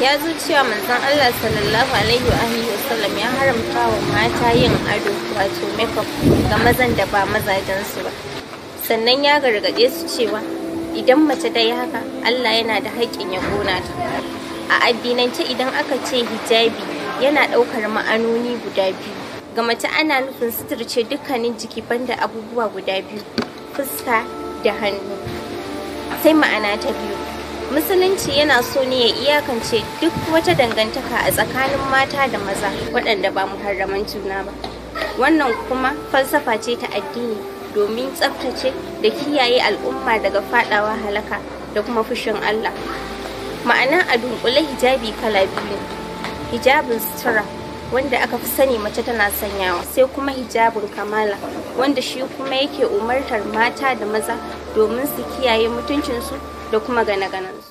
ya zo cewa manzon Allah sallallahu alaihi wa alihi ya haramta wa mata yin ado wato makeup ga mazan da ba mazajen su ba sannan ya gargaɗe su cewa idan mace ta yi haka Allah yana da haƙƙin ya gona ta a addinance idan aka ce hijabi yana ɗaukar ma'anoni guda biyu ga mace ana nufin suturce dukkanin jiki banda abubuwa guda biyu fuska da hannu sai ma'ana ta biyu musulunci yana so ne ya iyakance duk wata dangantaka a tsakanin mata da maza waɗanda ba muharraman juna ba wannan kuma falsafa ce ta addini domin tsaftace da kiyaye al'umma daga fadawa halaka da kuma fushin Allah ma'ana a dunkule hijabi kala biyu hijabin sutura wanda aka fi sani mace tana sanyawa sai kuma hijabin kamala wanda shi kuma yake umartar mata da maza domin su kiyaye mutuncinsu da kuma gane-ganensu